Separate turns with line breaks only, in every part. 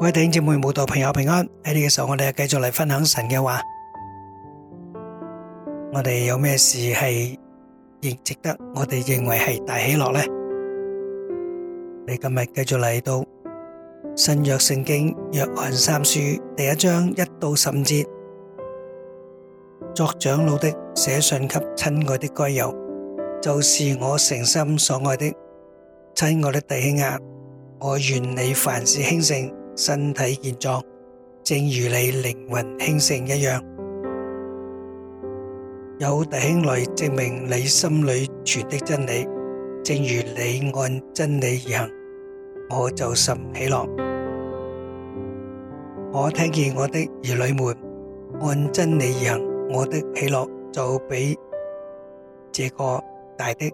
各位弟兄姊妹、慕道朋友平安，喺呢個時候我哋繼續嚟分享神嘅話。我哋有咩事係仍值得我哋認為係大喜樂呢？你今日繼續嚟到新約聖經約翰三書第一章一到十五節，作長老的寫信給親愛的該猶，就是我誠心所愛的親愛的弟兄啊，我願你凡事興盛。身體健壯，正如你靈魂興盛一樣，有弟兄來證明你心裏存的真理，正如你按真理而行，我就甚喜樂。我聽見我的兒女們按真理而行，我的喜樂就比這個大的。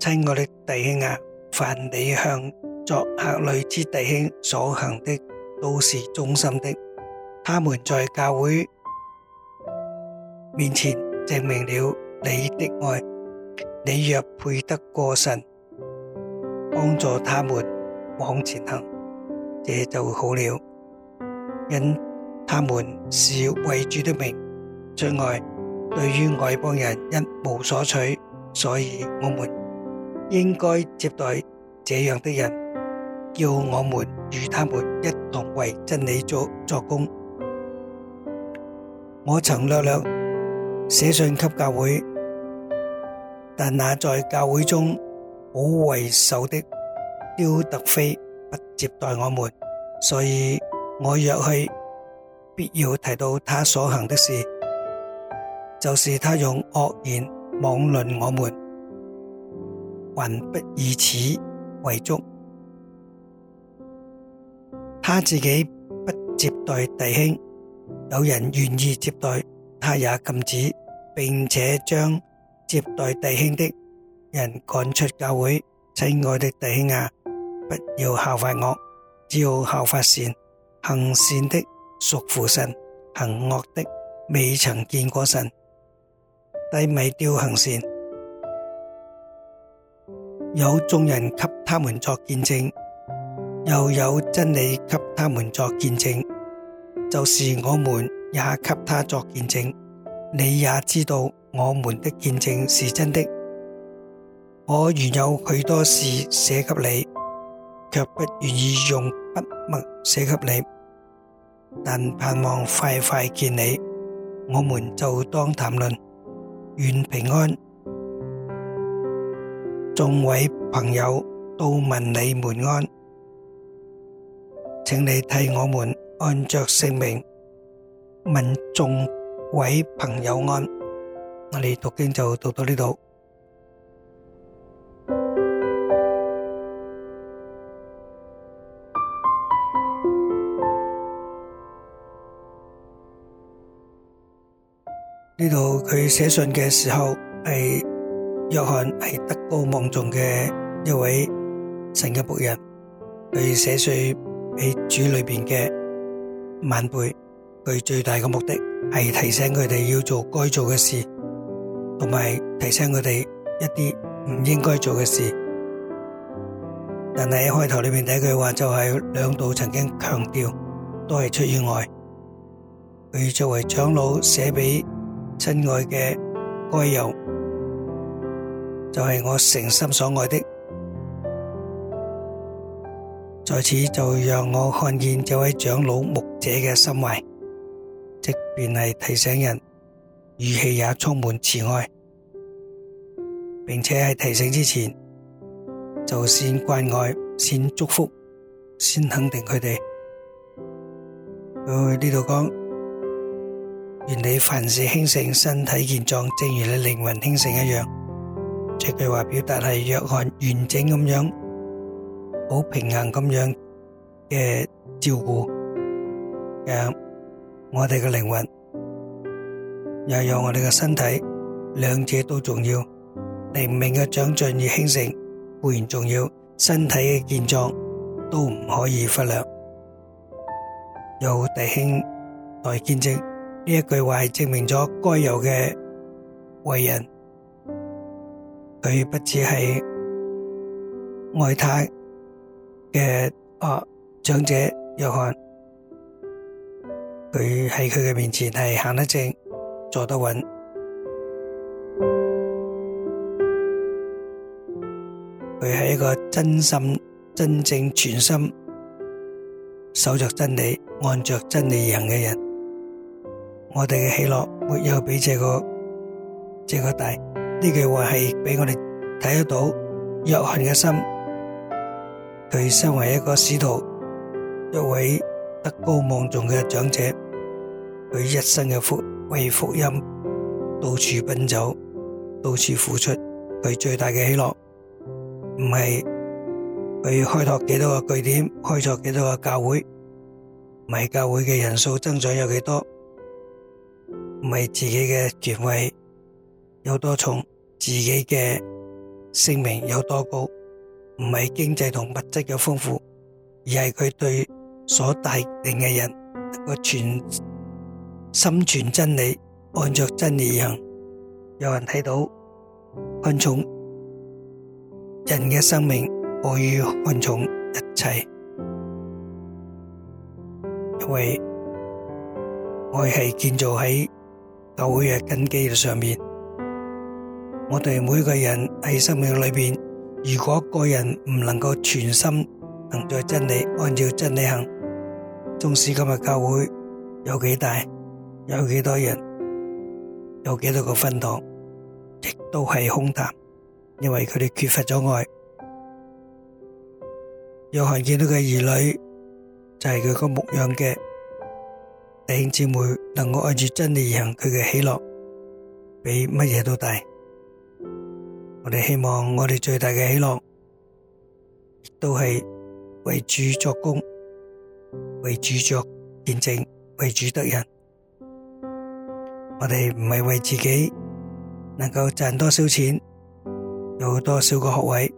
親愛的弟兄啊，凡你向作客旅之弟兄所行的都是忠心的，他們在教會面前證明了你的愛。你若配得過神幫助他們往前行，這就好了，因他們是為主的名出外，對於外邦人，一無所取，所以我們應該接待這樣的人。叫我們與他們一同為真理做做工。我曾略略寫信給教會，但那在教會中好為首的丟特腓不接待我們，所以我若去，必要提到他所行的事，就是他用惡言妄論我們，還不以此為足。他自己不接待弟兄，有人願意接待，他也禁止，並且將接待弟兄的人趕出教會。親愛的弟兄啊，不要效法惡，只要效法善。行善的屬乎神，行惡的未曾見過神。低米丟行善，有眾人給他們作見證。又有真理給他們作見證，就是我們也給他作見證。你也知道我們的見證是真的。我原有許多事寫給你，却不願意用筆墨寫給你，但盼望快快見你，我們就當談論。願平安。眾位朋友都問你們安。請你替我們按着姓名問眾位朋友安。我哋讀經就讀到呢度。呢度佢寫信嘅時候係約翰，係德高望重嘅一位神嘅僕人，佢寫信。喺主裏面嘅晚輩，佢最大嘅目的係提醒佢哋要做該做嘅事，同埋提醒佢哋一啲唔應該做嘅事。但係喺開頭裏面第一句話，就係兩度曾經強調，都係出於愛。佢作為長老，寫俾親愛嘅該由，就係我誠心所愛的。在此，就讓我看見這位長老牧者的心懷，即便是提醒人，語氣也充滿慈愛，並且在提醒之前，就先關愛，先祝福，先肯定他們。在這裏講，願你凡事興盛，身體健壯，正如你靈魂興盛一樣，這句話表達是約翰，完整這樣，好平衡咁樣嘅照顧，誒，我哋嘅靈魂，又有我哋嘅身體，兩者都重要。靈命嘅長進與興盛固然重要，身體嘅健壯都唔可以忽略。有弟兄來見證呢一句話，係證明咗該有嘅為人，佢不止係外太。嘅啊，長者約翰，佢喺佢嘅面前係行得正，坐得穩，佢係一個真心、真正全心守着真理、按着真理行嘅人。我哋嘅喜樂沒有比這個、這個大。呢句話係俾我哋睇得到約翰嘅心。佢身為一個使徒，一位德高望重嘅長者，佢一生嘅福為福音，到處奔走，到處付出。佢最大嘅喜樂唔係佢開拓幾多個據點，開拓幾多個教會，唔係教會嘅人數增長有幾多，唔係自己嘅權位有多重，自己嘅聲名有多高。唔係經濟同物質嘅豐富，而係佢對所帶領嘅人個全心存真理，按着真理行。有人睇到看重人嘅生命，愛與看重一切，因為愛係建造喺舊約根基嘅上面。我哋每個人喺生命裏邊。如果個人唔能夠全心能在真理，按照真理行，縱使今日教會，有幾大，有幾多人，有幾多個分堂，亦都係空談，因為佢哋缺乏咗愛。約翰見到嘅兒女，就係佢個模樣嘅，弟兄姐妹能夠按照真理而行，佢嘅喜樂，比乜嘢都大。我哋希望，我哋最大嘅喜樂，都係為主作工，為主作見證，為主得人。我哋唔係為自己能夠賺多少錢，有多少個學位。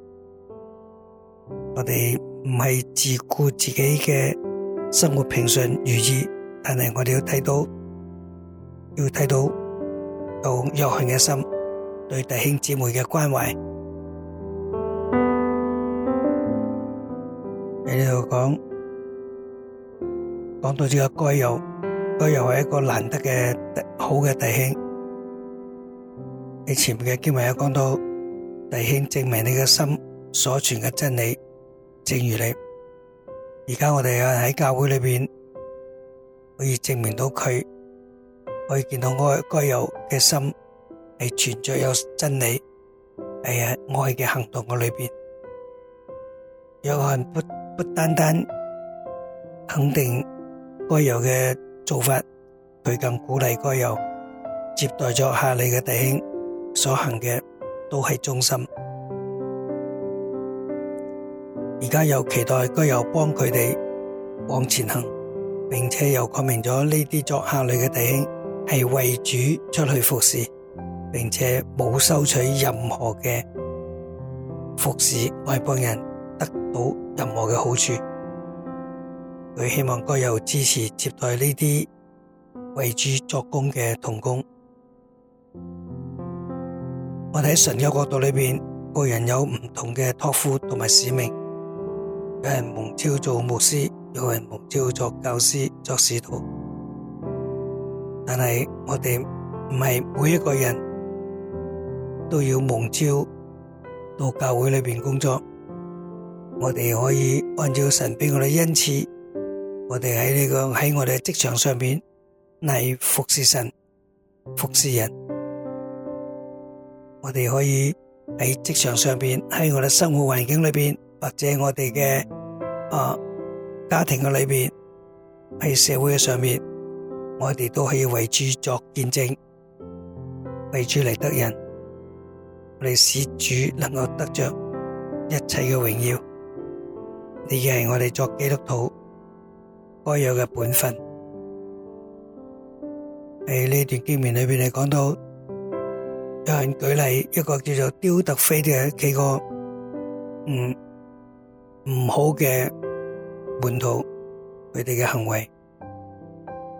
我哋唔係自顧自己嘅生活平順如意，但係我哋要睇到，要睇到有有限嘅心。對弟兄姊妹嘅關懷，喺呢度講，講到呢個該有，該有係一個難得嘅好嘅弟兄。你前面嘅經文有講到，弟兄證明你嘅心所存嘅真理，正如你。而家我哋有人喺教會裏邊，可以證明到佢，可以見到我該有嘅心。係存着有真理，係啊愛嘅行動嘅裏邊。約翰不不單單肯定該有嘅做法，佢更鼓勵該有接待咗客旅嘅弟兄所行嘅都係忠心。而家又期待該有幫佢哋往前行，並且又講明咗呢啲作客旅嘅弟兄係為主出去服侍。並且冇收取任何嘅服侍，外邦人得到任何嘅好處。佢希望各有支持接待呢啲為主作工嘅同工。我哋喺神嘅角度裏邊，個人有唔同嘅託付同埋使命，有人蒙召做牧師，有人蒙召做教師、作使徒。但係我哋唔係每一個人。都要蒙召到教會裏邊工作，我哋可以按照神俾我哋恩賜，我哋喺呢個喺我哋職場上邊嚟服侍神、服侍人。我哋可以喺職場上邊，喺我哋生活環境裏邊，或者我哋嘅啊家庭嘅裏邊，喺社會嘅上面，我哋都可以為主作見證，為主嚟得人。我哋使主能夠得着一切嘅榮耀，呢嘢係我哋作基督徒該有嘅本分。喺呢段經文裏邊，你講到有人舉例一個叫做刁特飛嘅幾個唔唔好嘅門徒，佢哋嘅行為，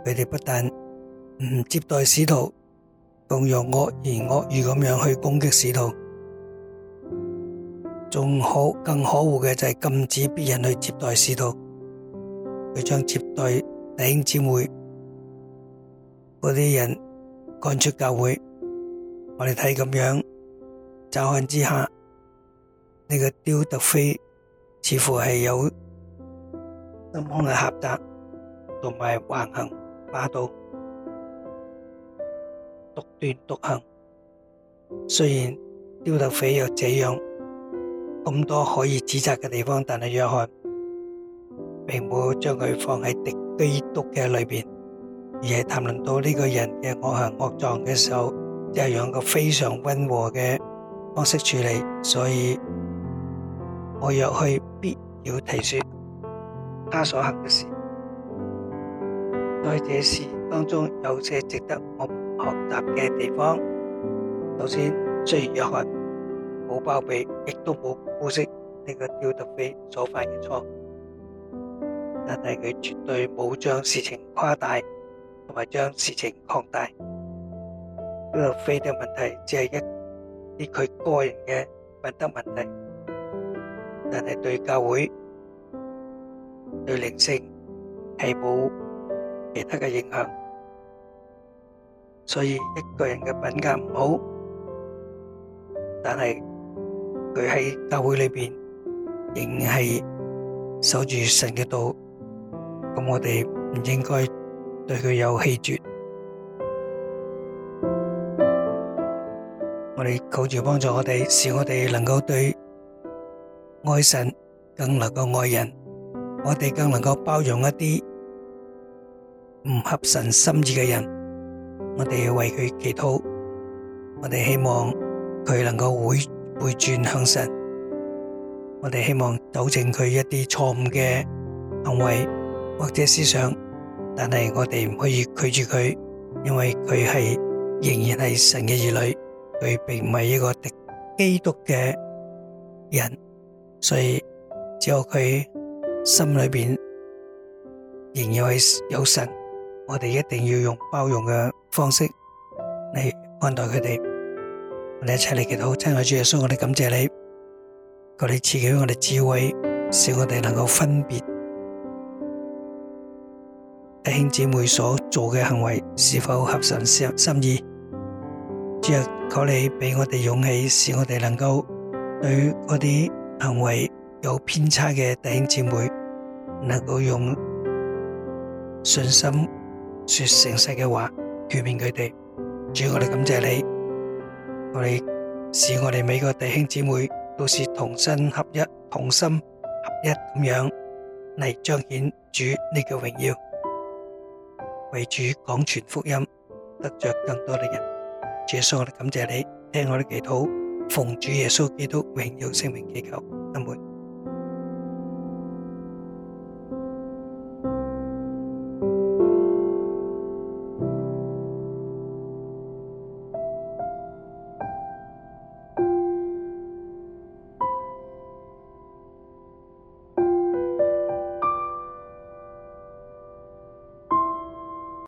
佢哋不但唔接待使徒。用惡言惡語咁樣去攻擊使徒，仲好更可惡嘅就係禁止別人去接待使徒，佢將接待弟兄姊妹嗰啲人趕出教會。我哋睇咁樣，乍看之下，呢個丟特腓似乎係有心胸嘅狹窄，同埋橫行霸道。獨斷獨行，雖然丟特腓有這樣咁多可以指責嘅地方，但係約翰並冇將佢放喺敵基督嘅裏邊，而係談論到呢個人嘅惡行惡狀嘅時候，就係用個非常温和嘅方式處理。所以我若去必要提說他所行嘅事，在這事當中有些值得我，學習嘅地方。首先雖然約翰冇包庇亦都冇姑息呢個丟特腓所犯嘅錯，但係佢絕對冇將事情誇大，同埋將事情擴大。呢個腓嘅問題只係一啲佢個人嘅品德問題，但係對教會、對靈性係冇其他嘅影響。所以一個人嘅品格唔好，但係佢喺教會裏面，仍然係守住神嘅道，咁我哋唔應該對佢有棄絕。我哋求主幫助我哋，使我哋能夠對愛神更能夠愛人，我哋更能夠包容一啲唔合神心意嘅人。我哋要為佢祈禱，我哋希望佢能夠回回轉向神，我哋希望糾正佢一啲錯誤嘅行為或者思想，但係我哋唔可以拒絕佢，因為佢係仍然係神嘅兒女，佢並唔係一個敵基督嘅人，所以只有佢心裏面仍然係有神。我哋一定要用包容嘅方式嚟看待佢哋。我哋一齊嚟祈禱，親愛的主耶穌，我哋感謝你，求你賜給我哋智慧，使我哋能夠分別弟兄姊妹所做嘅行為是否合神心心意。主啊，求你俾我哋勇氣，使我哋能夠對嗰啲行為有偏差嘅弟兄姊妹，能夠用信心。說誠實嘅話,勸勉佢哋。主我哋感謝你,我哋使我哋每個弟兄姐妹,都是同心合一,同心合一,咁樣,嚟彰顯主呢個榮耀,為主講全福音,得着更多的人。主耶穌我哋感謝你,聽我哋祈禱,奉主耶穌基督榮耀聖名祈求,阿門。